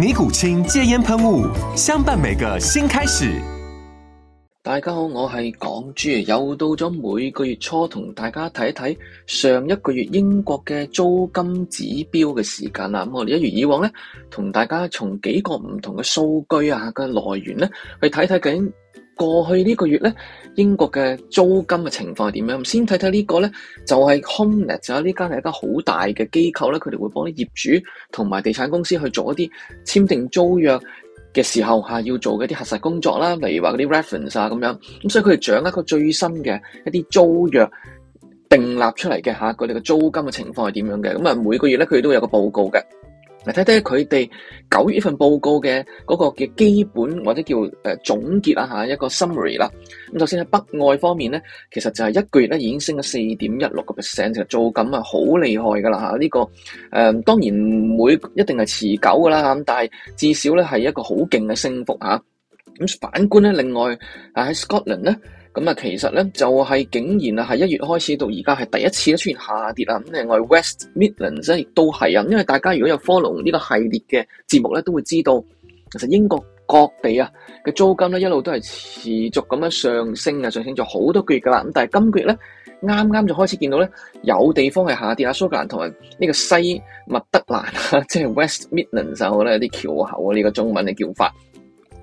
尼古清戒煙噴霧，相伴每個新開始。大家好，我係港豬，又到咗每個月初同大家睇一睇上一個月英國嘅租金指標嘅時間啦。咁我哋一如以往咧，同大家從幾個唔同嘅數據啊嘅來源咧，去睇睇究竟，過去呢個月咧，英國嘅租金嘅情況係點樣？先睇睇呢個咧，就係 HomeLet，就係呢間係一間好大嘅機構咧，佢哋會幫啲業主同埋地產公司去做一啲簽訂租約嘅時候嚇要做嘅一啲核實工作啦，例如話嗰啲 reference 啊咁樣。咁所以佢哋掌握個最新嘅一啲租約訂立出嚟嘅嚇，佢哋嘅租金嘅情況係點樣嘅？咁啊每個月咧，佢哋都會有個報告嘅。嚟睇睇佢哋九月份報告嘅嗰個嘅基本或者叫誒總結啊，嚇一個 summary 啦。咁首先喺北愛方面咧，其實就係一個月咧已經升咗四點一六個 percent，就做感啊好厲害噶啦嚇，呢個誒、嗯、當然唔一定係持久噶啦，但係至少咧係一個好勁嘅升幅嚇。咁反觀咧，另外啊喺 Scotland 咧。咁啊，其實咧就係、是、竟然啊，係一月開始到而家係第一次咧出現下跌啦。咁另外 West Midlands 亦都係啊，因為大家如果有 follow 呢個系列嘅節目咧，都會知道其實英國各地啊嘅租金咧一路都係持續咁樣上升啊，上升咗好多個月噶啦。咁但係今個月咧啱啱就開始見到咧有地方係下跌啊，蘇格蘭同埋呢個西麥德蘭啊，即係 West Midlands 啊，有啲橋口啊，呢個中文嘅叫法。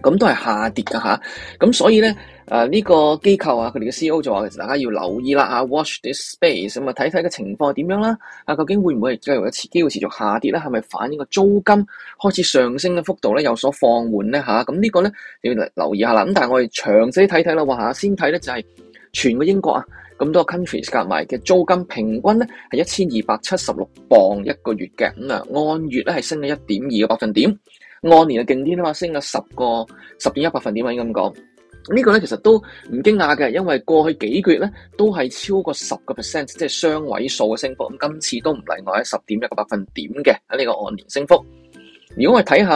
咁都係下跌噶吓，咁所以咧，呢、啊這個機構啊，佢哋嘅 CEO 就話，其實大家要留意啦吓 watch this space，咁啊睇睇個情況係點樣啦，啊究竟會唔會係繼續一次機會持續下跌咧？係咪反映個租金開始上升嘅幅度咧有所放緩咧吓，咁、啊啊這個、呢個咧要留意下啦。咁但係我哋詳細睇睇啦，話嚇先睇咧就係、是、全個英國啊咁多 countries 合埋嘅租金平均咧係一千二百七十六磅一個月嘅，咁、嗯、啊按月咧係升咗一點二個百分點。按年嘅勁啲啦嘛，升咗十個十點一百分點，可以咁講。呢個咧其實都唔驚訝嘅，因為過去幾個月咧都係超過十個 percent，即係雙位數嘅升幅。咁今次都唔例外喺十點一個百分點嘅喺呢個按年升幅。如果我哋睇下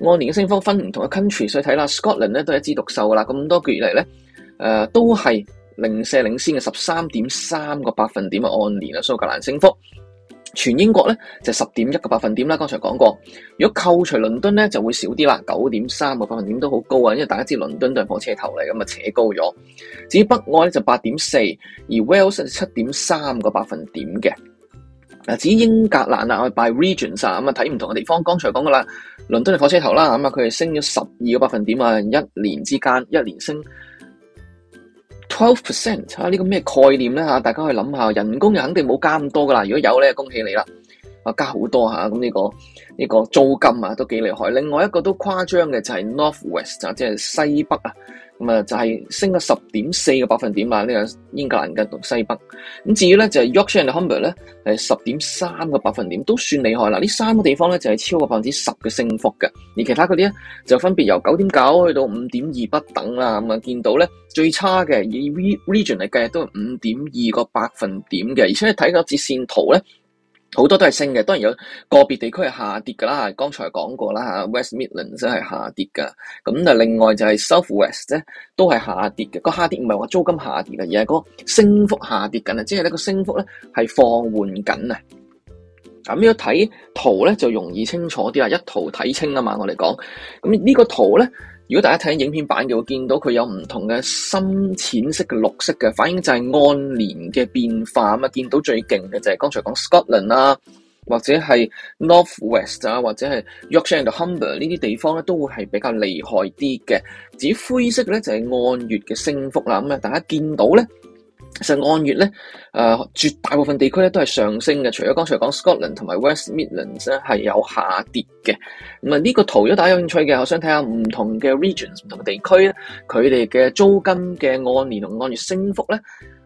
按年嘅升幅分唔同嘅 country，所以睇啦，Scotland 咧都係一枝獨秀啦。咁多個月嚟咧，誒、呃、都係零舍領先嘅十三點三個百分點嘅按年嘅蘇格蘭升幅。全英國咧就十點一個百分點啦，剛才講過。如果扣除倫敦咧就會少啲啦，九點三個百分點都好高啊，因為大家知道倫敦都係火車頭嚟，咁啊扯高咗。至於北愛咧就八點四，而 Wales 七點三個百分點嘅。嗱，至於英格蘭啊，我哋 by regions 啊，咁啊睇唔同嘅地方。剛才講噶啦，倫敦係火車頭啦，咁啊佢係升咗十二個百分點啊，一年之間一年升。twelve percent 啊，呢個咩概念咧嚇，大家去諗下，人工又肯定冇加咁多噶啦。如果有咧，恭喜你啦，啊加好多嚇，咁呢個呢個租金啊都幾厲害，另外一個都誇張嘅就係 northwest 啊，即係西北啊。咁啊，就係升咗十點四個百分點啦，呢、這個英格蘭嘅同西北。咁至於咧就係、是、Yorkshire and Humber 咧，係十點三個百分點，都算厲害啦。呢三個地方咧就係超過百分之十嘅升幅嘅，而其他嗰啲咧就分別由九點九去到五點二不等啦。咁啊，見到咧最差嘅以 region 嚟計都係五點二個百分點嘅，而且睇個折線圖咧。好多都係升嘅，當然有個別地區係下跌噶啦。剛才講過啦，West Midlands 真係下跌噶。咁啊，另外就係 South West 咧，都係下跌嘅。個下跌唔係話租金下跌啊，而係個升幅下跌緊啊。即係呢個升幅咧係放緩緊啊。咁樣睇圖咧就容易清楚啲啊，一圖睇清啊嘛。我哋講咁呢個圖咧。如果大家睇緊影片版嘅，會見到佢有唔同嘅深淺色嘅綠色嘅，反映就係按年嘅變化。咁啊，見到最勁嘅就係剛才講 Scotland 啦，或者係 North West 啊，或者係 Yorkshire and Humber 呢啲地方咧，都會係比較厲害啲嘅。至於灰色咧就係按月嘅升幅啦。咁啊，大家見到咧。其實按月咧、呃，絕大部分地區咧都係上升嘅，除咗剛才講 Scotland 同埋 West Midlands 咧係有下跌嘅。咁、嗯、啊，呢、這個圖如果大家有興趣嘅，我想睇下唔同嘅 regions 唔同嘅地區，佢哋嘅租金嘅按年同按月升幅咧，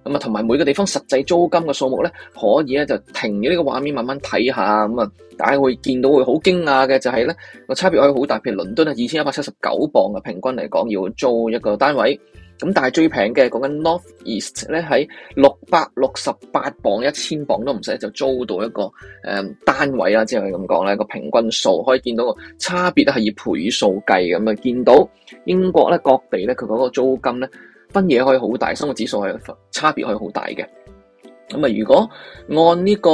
咁啊同埋每個地方實際租金嘅數目咧，可以咧就停咗呢個畫面慢慢睇下，咁、嗯、啊大家會見到會好驚訝嘅就係咧個差別可以好大，譬如倫敦咧二千一百七十九磅嘅平均嚟講要租一個單位。咁但係最平嘅講緊 North East 咧，喺六百六十八磅，一千磅都唔使，就租到一個誒單位啦。之後係咁講咧，個平均數可以見到個差別係以倍數計咁啊。見到英國咧各地咧佢嗰個租金咧分野可以好大，生活指數係差別可以好大嘅。咁啊，如果按呢個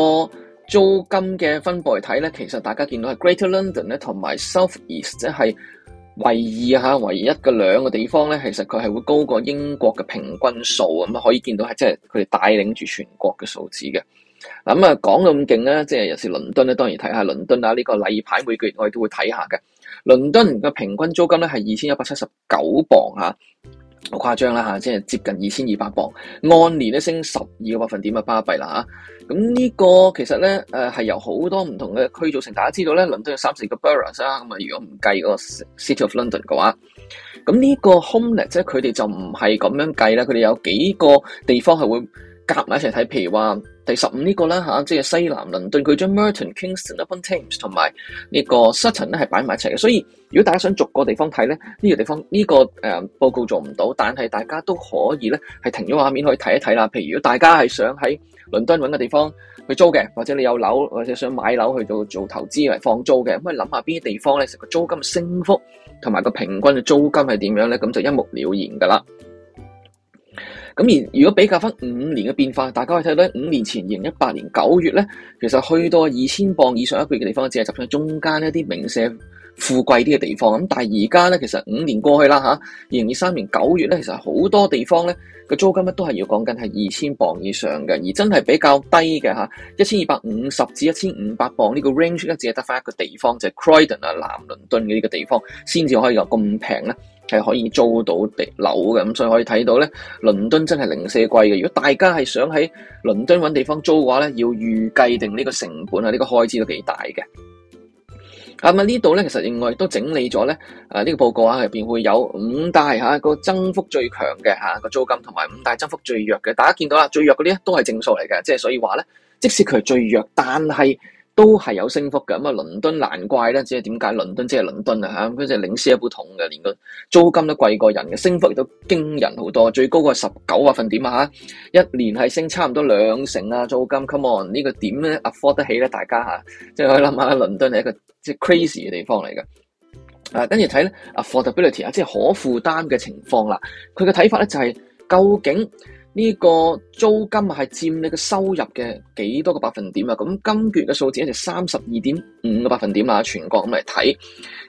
租金嘅分布嚟睇咧，其實大家見到係 Greater London 咧同埋 South East 即係。唯，二唯一嚇唯一一個兩個地方咧，其實佢係會高過英國嘅平均數咁啊，嗯，可以見到係即係佢哋帶領住全國嘅數字嘅。咁、嗯、啊，講咁勁咧，即係有時倫敦咧，當然睇下倫敦啊呢、呢個例牌每個月我哋都會睇下嘅。倫敦嘅平均租金咧係二千一百七十九磅嚇。嗯好誇張啦，即係接近二千二百磅，按年咧升十二個百分點嘅巴幣啦。咁呢個其實咧誒係由好多唔同嘅區組成。大家知道咧，倫敦有三四十個 boroughs 啦。咁啊，如果唔計嗰個 City of London 嘅話，咁呢個 Homelet 即係佢哋就唔係咁樣計啦。佢哋有幾個地方係會夾埋一齊睇，譬如話。第十五呢、這個啦、啊、即係西南倫敦，佢將 Merton Kingston upon Thames 同埋呢個 Sutton 咧係擺埋一齊嘅。所以如果大家想逐個地方睇咧，呢、這個地方呢、這個誒、呃、報告做唔到，但係大家都可以咧係停咗畫面去睇一睇啦。譬如如果大家係想喺倫敦揾個地方去租嘅，或者你有樓或者想買樓去做做投資嚟放租嘅，咁可以諗下邊啲地方咧成個租金升幅同埋個平均嘅租金係點樣咧，咁就一目了然㗎啦。咁而如果比較返五年嘅變化，大家可以睇到五年前二零一八年九月呢，其實去到二千磅以上一個月嘅地方，只係集中喺中間一啲名車。富貴啲嘅地方咁，但係而家咧，其實五年過去啦嚇，二零二三年九月咧，其實好多地方咧個租金咧都係要講緊係二千磅以上嘅，而真係比較低嘅嚇一千二百五十至一千五百磅呢個 range 咧，只係得翻一個地方，就係、是、Croydon 啊南倫敦嘅呢個地方先至可以有咁平咧，係可以租到地樓嘅，咁所以可以睇到咧，倫敦真係零舍貴嘅。如果大家係想喺倫敦揾地方租嘅話咧，要預計定呢個成本啊，呢、這個開支都幾大嘅。啊！咁呢度咧，其實另外都整理咗咧，誒呢個報告啊，入邊會有五大嚇個增幅最強嘅嚇個租金，同埋五大增幅最弱嘅。大家見到啦，最弱嗰啲咧都係正數嚟嘅，即係所以話咧，即使佢係最弱，但係，都係有升幅嘅，咁啊，倫敦難怪咧，只係點解倫敦，就是倫敦、啊、即係倫敦啊佢嗰隻領先一般桶嘅，連個租金都貴過人嘅，升幅亦都驚人好多，最高個十九啊，百分點啊嚇，一年係升差唔多兩成啊，租金 come on 呢個點咧 afford 得起咧，大家嚇，即係可以諗下，倫敦係一個即係 crazy 嘅地方嚟嘅。啊，跟住睇咧，affordability 啊，Affordability, 即係可負擔嘅情況啦，佢嘅睇法咧就係、是、究竟。呢個租金係佔你嘅收入嘅幾多個百分點啊？咁今月嘅數字咧就三十二點五個百分點啦，全國咁嚟睇，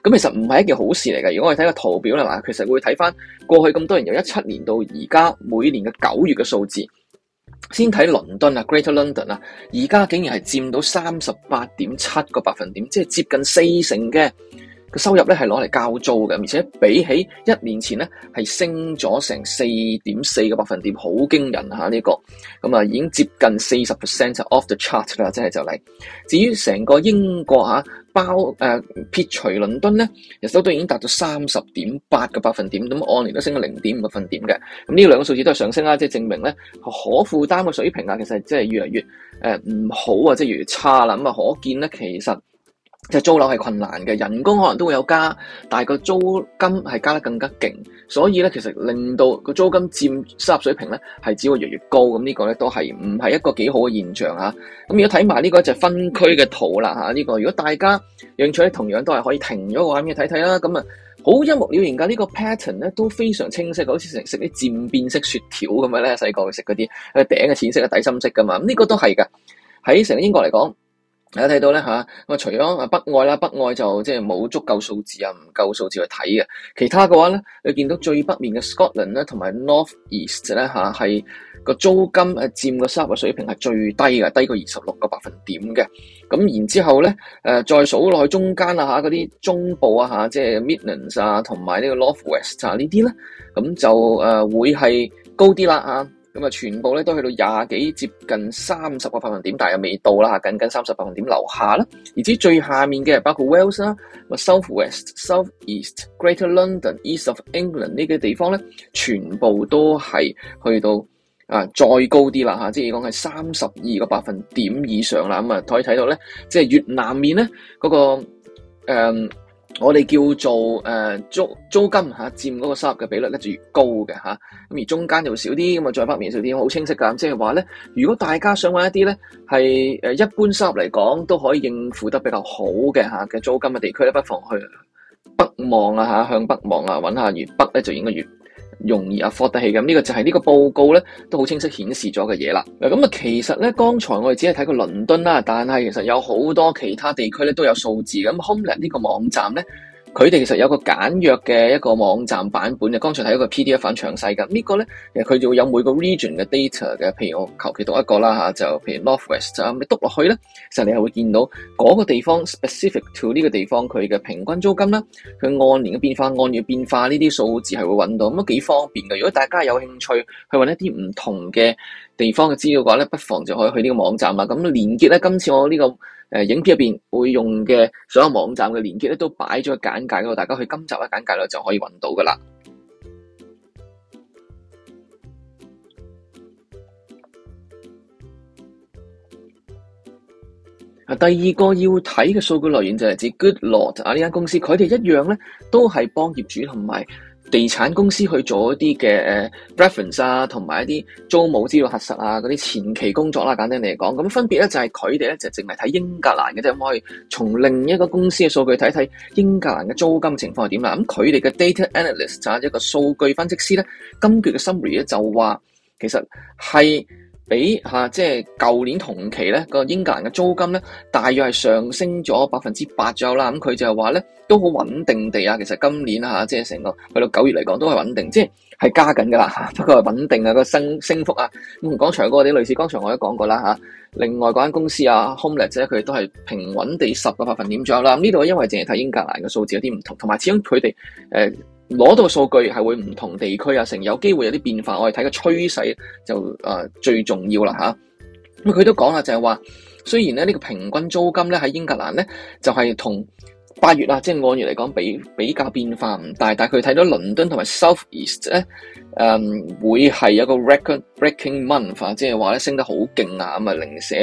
咁其實唔係一件好事嚟嘅。如果我哋睇個圖表啦，吓，其實會睇翻過去咁多年，由一七年到而家，每年嘅九月嘅數字，先睇倫敦啊，Greater London 啊，而家竟然係佔到三十八點七個百分點，即係接近四成嘅。個收入咧係攞嚟交租嘅，而且比起一年前咧係升咗成四點四個百分點，好驚人嚇呢、這個。咁啊已經接近四十 percent 就 off the chart 啦，即係就嚟、是。至於成個英國嚇包誒、呃、撇除倫敦咧，日收都已經達到三十點八個百分點，咁按年都升咗零點五個分點嘅。咁呢兩個數字都係上升啦，即係證明咧可負擔嘅水平啊、就是，其實係即係越嚟越誒唔好啊，即係越嚟越差啦。咁啊，可見咧其實。即係租樓係困難嘅，人工可能都會有加，但係個租金係加得更加勁，所以咧其實令到個租金佔收入水平咧係只會越嚟越高，咁、這、呢個咧都係唔係一個幾好嘅現象嚇。咁如果睇埋呢個就係分區嘅圖啦呢、這個如果大家用取同樣都係可以停咗、這個畫面睇睇啦。咁啊，好一目了然㗎，呢、這個 pattern 咧都非常清晰，好似食食啲漸變色雪條咁樣咧，細個去食嗰啲，個頂嘅淺色，底深色㗎嘛，呢、這個都係㗎。喺成個英國嚟講。大家睇到咧嚇，咁啊除咗啊北愛啦，北愛就即係冇足夠數字啊，唔夠數字去睇嘅。其他嘅話咧，你見到最北面嘅 Scotland 咧，同埋 North East 咧嚇，係個租金誒佔個收入水平係最低嘅，低過二十六個百分點嘅。咁然之後咧，誒再數落去中間啊嚇，嗰啲中部啊嚇，即係 Midlands 啊，同埋呢個 North West 啊呢啲咧，咁就誒會係高啲啦嚇。咁啊，全部咧都去到廿幾接近三十個百分點，但係又未到啦，僅僅三十百分點樓下啦。而之最下面嘅，包括 Wales 啦，South West、South East、Greater London、East of England 呢啲地方咧，全部都係去到啊再高啲啦、吓、即係講係三十二個百分點以上啦。咁啊，可以睇到咧，即係越南面咧嗰、嗰個、誒我哋叫做誒租租金嚇，佔嗰個收入嘅比率咧就越高嘅嚇，咁而中間就少啲，咁啊再北面少啲，好清晰噶。即係話咧，如果大家想揾一啲咧係誒一般收入嚟講都可以應付得比較好嘅嚇嘅租金嘅地區咧，不妨去北望啊嚇，向北望啊，搵下越北咧就應該越。容易啊，放得起咁，呢個就係呢個報告咧，都好清晰顯示咗嘅嘢啦。嗱，咁啊，其實咧，剛才我哋只係睇過倫敦啦，但係其實有好多其他地區咧都有數字咁。HomeLet 呢個網站咧。佢哋其實有個簡約嘅一個網站版本嘅，剛才係一個 PDF 反詳細嘅，這個、呢個咧佢就會有每個 region 嘅 data 嘅，譬如我求其讀一個啦吓，就譬如 Northwest 啊，你讀落去咧，其實你係會見到嗰個地方 specific to 呢個地方佢嘅平均租金啦，佢按年嘅變化、按月變化呢啲數字係會揾到，咁都幾方便嘅。如果大家有興趣去揾一啲唔同嘅地方嘅資料嘅話咧，不妨就可以去呢個網站啦。咁連結咧，今次我呢、這個。誒，影片入邊會用嘅所有網站嘅鏈接咧，都擺咗個簡介嗰度，大家去今集嘅簡介咧就可以揾到噶啦。啊，第二個要睇嘅數據來源就係指 Good Lord 啊，呢間公司佢哋一樣咧都係幫業主同埋。地產公司去做一啲嘅誒 reference 啊，同埋一啲租務資料核實啊，嗰啲前期工作啦、啊，簡單嚟講，咁分別咧就係佢哋咧就淨係睇英格蘭嘅啫，咁可唔可以從另一個公司嘅數據睇睇英格蘭嘅租金情況係點啦？咁佢哋嘅 data analyst 就係一個數據分析師咧，今期嘅 summary 咧就話其實係。比、啊、即係舊年同期咧個英格蘭嘅租金咧，大約係上升咗百分之八左右啦。咁、嗯、佢就話咧都好穩定地啊。其實今年嚇、啊、即係成個去到九月嚟講都係穩定，即係係加緊㗎啦。不過係穩定啊、嗰個升升幅啊。咁剛才嗰啲類似剛才我都講過啦、啊、另外嗰間公司啊 Homelet 佢都係平穩地十個百分點左右啦。呢、嗯、度因為淨係睇英格蘭嘅數字有啲唔同，同埋始終佢哋誒攞到個數據係會唔同地區啊，成有機會有啲變化，我哋睇個趨勢就誒最重要啦吓，咁佢都講啦，就係話雖然咧呢個平均租金咧喺英格蘭咧就係同八月啊，即係按月嚟講比比較變化唔大，但係佢睇到倫敦同埋 South East 咧誒、嗯、會係一個 record-breaking month 啊，即係話咧升得好勁啊咁啊零舍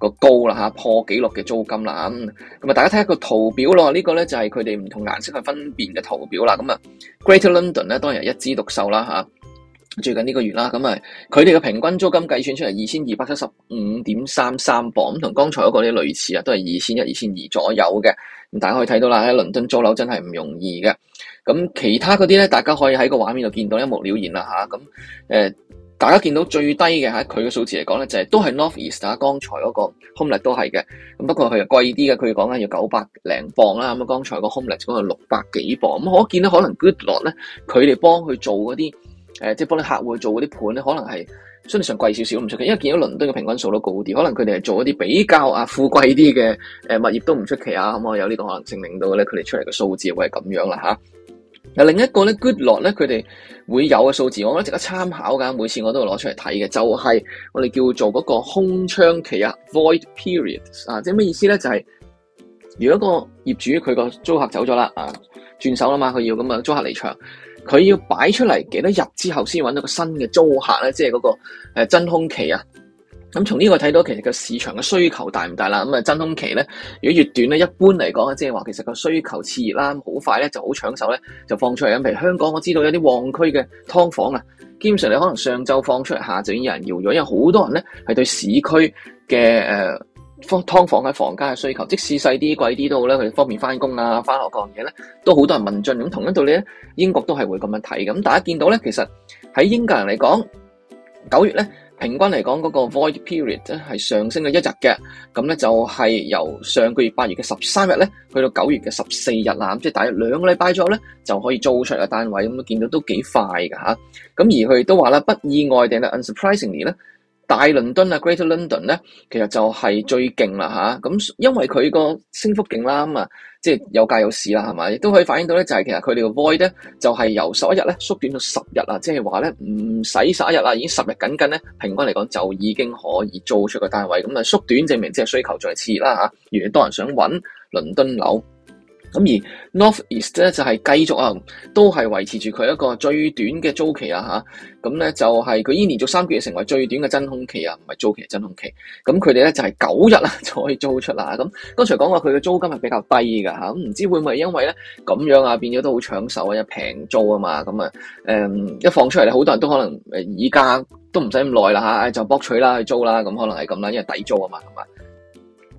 個高啦吓，破紀錄嘅租金啦咁，咁啊大家睇下個圖表咯，呢個咧就係佢哋唔同顏色去分辨嘅圖表啦。咁啊，Greater London 咧當然係一枝獨秀啦吓，最近呢個月啦，咁啊佢哋嘅平均租金計算出嚟二千二百七十五點三三磅，咁同剛才嗰個啲類似啊，都係二千一、二千二左右嘅。咁大家可以睇到啦，喺倫敦租樓真係唔容易嘅。咁其他嗰啲咧，大家可以喺個畫面度見到一目了然啦吓。咁誒。大家見到最低嘅嚇，佢嘅數字嚟講咧，就係、是、都係 North East 啊，剛才嗰個 HomeLet 都係嘅。咁不過佢又貴啲嘅，佢講緊要九百零磅啦。咁啊，剛才個 HomeLet 嗰個六百幾磅。咁我見到可能 Goodlord 咧，佢哋幫佢做嗰啲誒，即係幫啲客戶做嗰啲盤咧，可能係相對上貴少少唔出奇。因為見到倫敦嘅平均數都高啲，可能佢哋係做一啲比較啊富貴啲嘅誒物業都唔出奇啊。咁我有呢個可能性令到咧佢哋出嚟嘅數字會係咁樣啦嚇。嗱，另一個咧，Goodlord 咧，佢哋會有嘅數字，我覺得值得參考㗎。每次我都會攞出嚟睇嘅，就係我哋叫做嗰個空窗期啊，Void Period 啊，即係咩意思咧？就係如果個業主佢個租客走咗啦，啊，轉手啦嘛，佢要咁啊，租客離場，佢要擺出嚟幾多日之後先搵到個新嘅租客咧，即係嗰個誒真空期啊。咁從呢個睇到，其實個市場嘅需求大唔大啦？咁啊，真空期咧，如果越短咧，一般嚟講即係話其實個需求熾熱啦，好快咧就好搶手咧，就放出嚟。譬如香港，我知道有啲旺區嘅劏房啊，基本上你可能上晝放出嚟下就已經有人要咗，因為好多人咧係對市區嘅誒、呃、劏房嘅房間嘅需求，即使細啲、貴啲都好啦，佢方便翻工啊、翻學各樣嘢咧，都好多人問津。咁同一道理咧，英國都係會咁樣睇。咁大家見到咧，其實喺英格蘭嚟講，九月咧，平均嚟講，嗰、那個 void period 係係上升咗一日嘅，咁咧就係由上個月八月嘅十三日咧，去到九月嘅十四日啦，即係大約兩個禮拜左右咧，就可以租出嘅單位，咁、嗯、都見到都幾快㗎嚇，咁、啊、而佢亦都話啦，不意外地咧，unsurprisingly 咧。大倫敦啊，Greater London 咧，其實就係最勁啦吓，咁因為佢個升幅勁啦，咁啊，即係有價有市啦，係嘛，亦都可以反映到咧，就係其實佢哋嘅 void 咧，就係由十一日咧縮短到十日啦，即係話咧唔使十一日啦，已經十日緊緊咧，平均嚟講就已經可以租出個單位，咁啊縮短證明即係需求再次啦吓，如果多人想搵倫敦樓。咁而 North East 咧就係繼續啊，都係維持住佢一個最短嘅租期啊嚇。咁咧就係佢已經連續三個月成為最短嘅真空期啊，唔係租期真空期。咁佢哋咧就係九日啦就可以租出啦。咁剛才講話佢嘅租金係比較低㗎嚇。咁唔知會唔會因為咧咁樣啊變咗都好搶手啊，一平租啊嘛。咁啊誒一放出嚟咧，好多人都可能而家都唔使咁耐啦嚇，就博取啦去租啦。咁可能係咁啦，因為抵租啊嘛同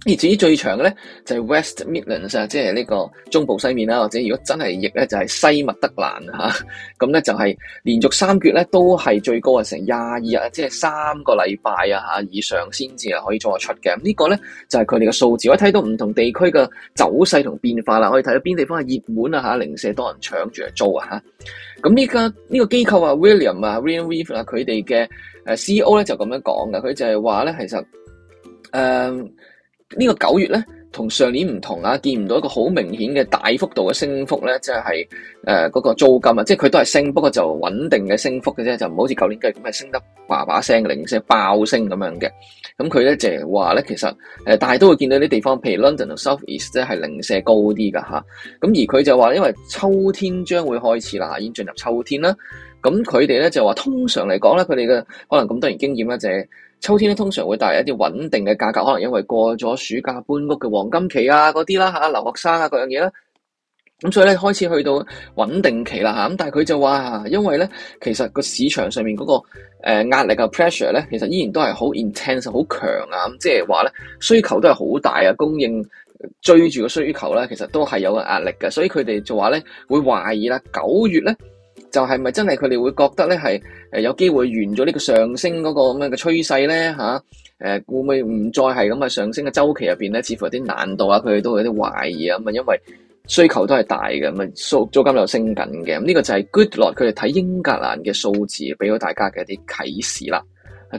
而至於最長嘅咧，就係、是、West Midlands 啊，即係呢個中部西面啦，或者如果真係譯咧，就係、是、西密德蘭嚇。咁、啊、咧就係連續三月咧都係最高係，成廿二日，即係三個禮拜啊嚇以上先至係可以做得出嘅。這個、呢個咧就係佢哋嘅數字。可以睇到唔同地區嘅走勢同變化啦，可以睇到邊地方係熱門啊嚇，零舍多人搶住嚟租啊嚇。咁依家呢個機構啊 William 啊 William Reeve 啊佢哋嘅誒 CEO 咧就咁樣講嘅，佢就係話咧其實誒。嗯這個、呢個九月咧，同上年唔同啊，見唔到一個好明顯嘅大幅度嘅升幅咧，即係誒嗰個租金啊，即係佢都係升，不過就穩定嘅升幅嘅啫，就唔好似舊年咁係升得把把聲、零舍爆升咁樣嘅。咁佢咧就話、係、咧，其實大但係都會見到啲地方，譬如 London 同 South East 即係零舍高啲㗎。嚇、啊。咁而佢就話，因為秋天將會開始啦，已經進入秋天啦。咁佢哋咧就話，通常嚟講咧，佢哋嘅可能咁多年經驗咧就係。秋天咧通常會帶嚟一啲穩定嘅價格，可能因為過咗暑假搬屋嘅黃金期啊，嗰啲啦吓留學生啊各樣嘢啦。咁、啊啊、所以咧開始去到穩定期啦吓，咁但係佢就話，因為咧其實個市場上面嗰、嗰個誒壓、呃、力啊 pressure 咧，其實依然都係好 intense 好強啊，咁即係話咧需求都係好大啊，供應追住個需求咧，其實都係有個壓力嘅，所以佢哋就話咧會懷疑啦九月咧。就係、是、咪真係佢哋會覺得咧係有機會完咗呢個上升嗰個咁樣嘅趨勢咧嚇？誒、啊、會唔會唔再係咁嘅上升嘅周期入面咧？似乎有啲難度啊，佢哋都有啲懷疑啊咁啊，因為需求都係大嘅咁啊，租租金又升緊嘅咁，呢個就係 Goodlord，佢哋睇英格蘭嘅數字，俾咗大家嘅一啲啟示啦。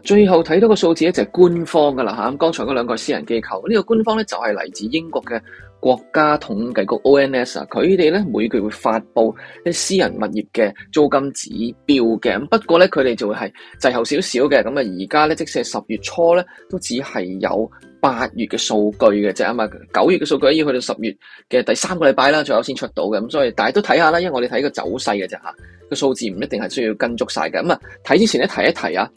最後睇到個數字咧就係、是、官方噶啦，咁剛才嗰兩個私人機構呢、這個官方咧就係、是、嚟自英國嘅。國家統計局 ONS 啊，佢哋咧每個月會發佈啲私人物業嘅租金指標嘅。不過咧，佢哋就會係滯後少少嘅。咁啊，而家咧，即使係十月初咧，都只係有八月嘅數據嘅啫啊。嘛，九月嘅數據要去到十月嘅第三個禮拜啦，最後先出到嘅。咁所以大家都睇下啦，因為我哋睇個走勢嘅啫吓，個數字唔一定係需要跟足晒嘅。咁啊，睇之前咧提一提啊。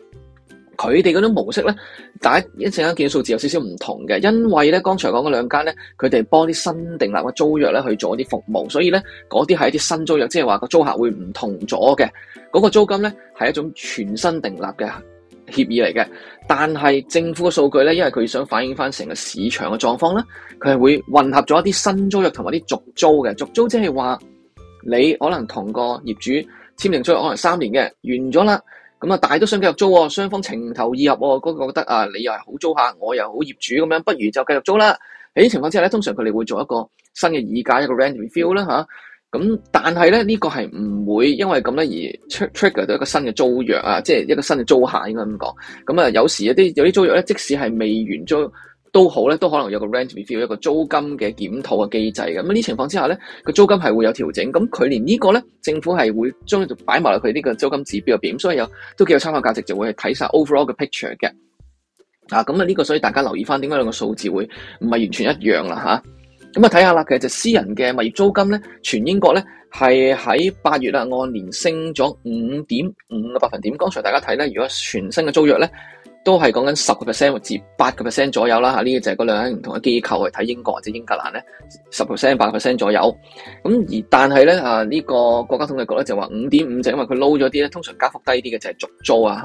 佢哋嗰種模式咧，大家一陣間見到數字有少少唔同嘅，因為咧剛才講嗰兩間咧，佢哋幫啲新訂立嘅租約咧去做一啲服務，所以咧嗰啲係一啲新租約，即係話個租客會唔同咗嘅，嗰個租金咧係一種全新訂立嘅協議嚟嘅。但係政府嘅數據咧，因為佢想反映翻成個市場嘅狀況咧，佢係會混合咗一啲新租約同埋啲續租嘅，續租即係話你可能同個業主簽訂租約可能三年嘅，完咗啦。咁啊，大都想繼續租喎，雙方情投意合喎，嗰個覺得啊，你又係好租客，我又好業主咁樣，不如就繼續租啦。喺情況之下咧，通常佢哋會做一個新嘅議價一個 rent review 啦、啊、吓？咁但係咧，呢、呢個係唔會因為咁咧而 trigger 到一個新嘅租約啊，即係一個新嘅租客應該咁講。咁啊，有時有啲有啲租約咧，即使係未完租。都好咧，都可能有個 rent review 一個租金嘅檢討嘅機制嘅，咁、嗯、呢情況之下咧，個租金係會有調整，咁、嗯、佢連個呢個咧，政府係會將佢擺埋落佢呢個租金指標入邊，所以有都幾有參考價值，就會去睇晒 overall 嘅 picture 嘅。啊，咁啊呢個所以大家留意翻點解兩個數字會唔係完全一樣啦吓，咁啊睇下啦，其實就私人嘅物業租金咧，全英國咧係喺八月啊按年升咗五點五個百分點。剛才大家睇咧，如果全新嘅租約咧。都係講緊十個 percent 至八個 percent 左右啦嚇，呢個就係嗰兩唔同嘅機構去睇英國或者英格蘭咧，十 percent 八 percent 左右。咁而但係咧啊呢、呢個國家統計局咧就話五點五，就因為佢 low 咗啲咧，通常加幅低啲嘅就係、是、續租啊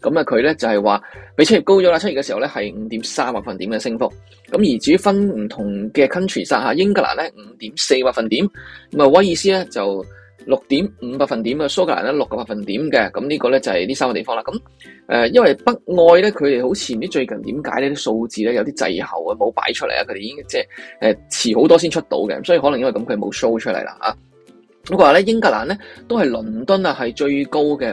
嚇。咁啊佢咧就係話比七月高咗啦，七月嘅時候咧係五點三百分點嘅升幅。咁而至於分唔同嘅 country 下英格蘭咧五點四百分點。咁、那、啊、個，威爾斯咧就。六點五百分點啊，蘇格蘭咧六個百分點嘅，咁呢個咧就係、是、呢三個地方啦。咁誒、呃，因為北愛咧，佢哋好似唔知最近點解呢啲數字咧有啲滯後啊，冇擺出嚟啊，佢哋已經即係誒遲好多先出到嘅，所以可能因為咁佢冇 show 出嚟啦啊。咁話咧，英格蘭咧都係倫敦啊，係最高嘅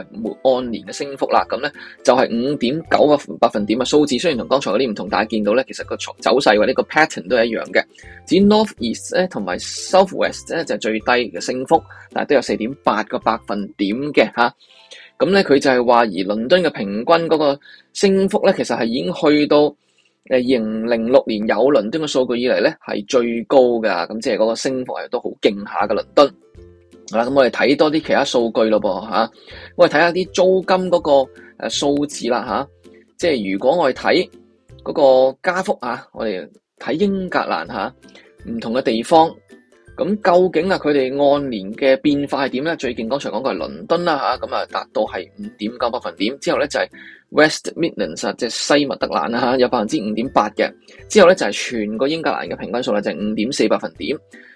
按年嘅升幅啦。咁咧就係五點九個百分點嘅數字。雖然同剛才嗰啲唔同，但係見到咧，其實個走勢或者個 pattern 都係一樣嘅。至於 North East 咧同埋 South West 咧就係最低嘅升幅，但係都有四點八個百分點嘅嚇。咁咧佢就係話而倫敦嘅平均嗰個升幅咧，其實係已經去到二零零六年有倫敦嘅數據以嚟咧係最高㗎。咁即係嗰個升幅係都好勁下嘅倫敦。好啦，咁我哋睇多啲其他數據咯噃嚇，我哋睇下啲租金嗰個誒數字啦吓、啊，即係如果我哋睇嗰個加幅啊，我哋睇英格蘭吓，唔、啊、同嘅地方，咁究竟啊佢哋按年嘅變化係點咧？最近剛才講過係倫敦啦吓，咁啊達到係五點九百分點，之後咧就係 West Midlands 即係西密德蘭啦吓，有百分之五點八嘅，之後咧就係全個英格蘭嘅平均數咧就係五點四百分點。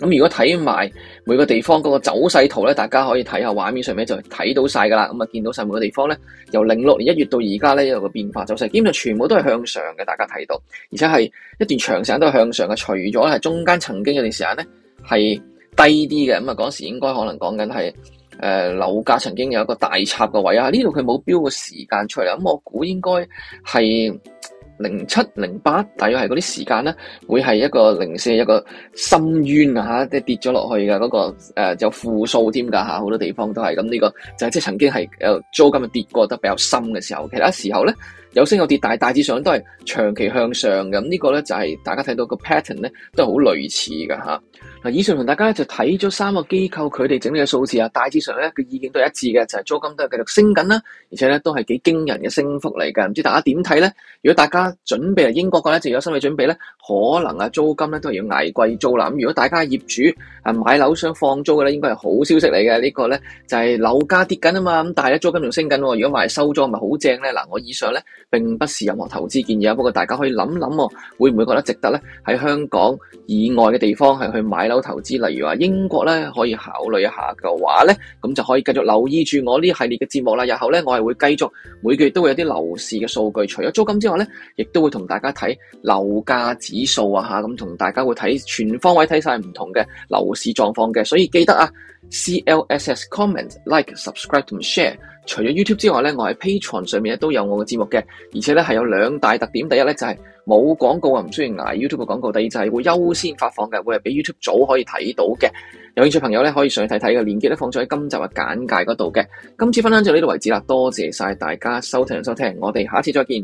咁如果睇埋每個地方嗰個走勢圖咧，大家可以睇下畫面上面就睇到晒噶啦。咁啊，見到晒每個地方咧，由零六年一月到而家咧有一個變化走勢，基本上全部都係向上嘅。大家睇到，而且係一段長時間都係向上嘅。除咗係中間曾經有段時間咧係低啲嘅，咁啊，嗰時應該可能講緊係誒樓價曾經有一個大插嘅位啊。呢度佢冇標個時間出嚟，咁我估應該係。零七零八，大約係嗰啲時間咧，會係一個零四一個深淵啊！嚇，即係跌咗落去嘅嗰、嗰個就、呃、有負數添㗎嚇，好多地方都係咁。呢、呢個就係即係曾經係誒租金啊跌過得比較深嘅時候，其他時候咧，有升有跌，但大致上都係長期向上嘅。咁、這、呢個咧就係大家睇到個 pattern 咧，都係好類似㗎吓。嗱，以上同大家咧就睇咗三個機構佢哋整理嘅數字啊，大致上咧個意見都一致嘅，就係、是、租金都係繼續升緊啦。而且咧都係幾驚人嘅升幅嚟嘅。唔知大家點睇咧？如果大家準備嚟英國嘅咧，就有心理準備咧，可能啊租金咧都係要捱貴租啦。咁如果大家業主啊買樓想放租嘅咧，應該係好消息嚟嘅。呢、這個咧就係樓價跌緊啊嘛，咁但係咧租金仲升緊喎。如果買收租咪好正咧。嗱，我以上咧。並不是任何投資建議啊，不過大家可以諗諗哦，會唔會覺得值得呢？喺香港以外嘅地方係去買樓投資，例如話英國呢，可以考慮一下嘅話呢，咁就可以繼續留意住我呢系列嘅節目啦。日後呢，我係會繼續每個月都會有啲樓市嘅數據，除咗租金之外呢，亦都會同大家睇樓價指數啊，吓咁同大家會睇全方位睇晒唔同嘅樓市狀況嘅，所以記得啊。C L S S comment like subscribe and share。除咗 YouTube 之外咧，我喺 Patreon 上面咧都有我嘅節目嘅，而且咧係有兩大特點。第一咧就係冇廣告啊，唔需要挨 YouTube 嘅廣告。第二就係會優先發放嘅，會係俾 YouTube 早可以睇到嘅。有興趣朋友咧可以上去睇睇嘅，鏈接咧放咗喺今集嘅簡介嗰度嘅。今次分享就到呢度為止啦，多謝晒大家收聽收聽，我哋下次再見。